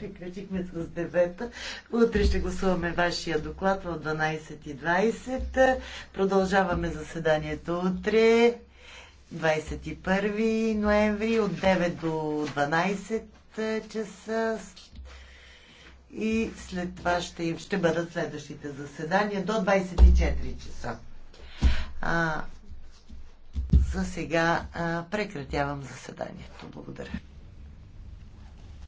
приключихме с девета. Утре ще гласуваме вашия доклад в 12.20. Продължаваме заседанието утре, 21 ноември, от 9 до 12 часа. И след това ще, ще бъдат следващите заседания до 24 часа. А, за сега а, прекратявам заседанието. Благодаря.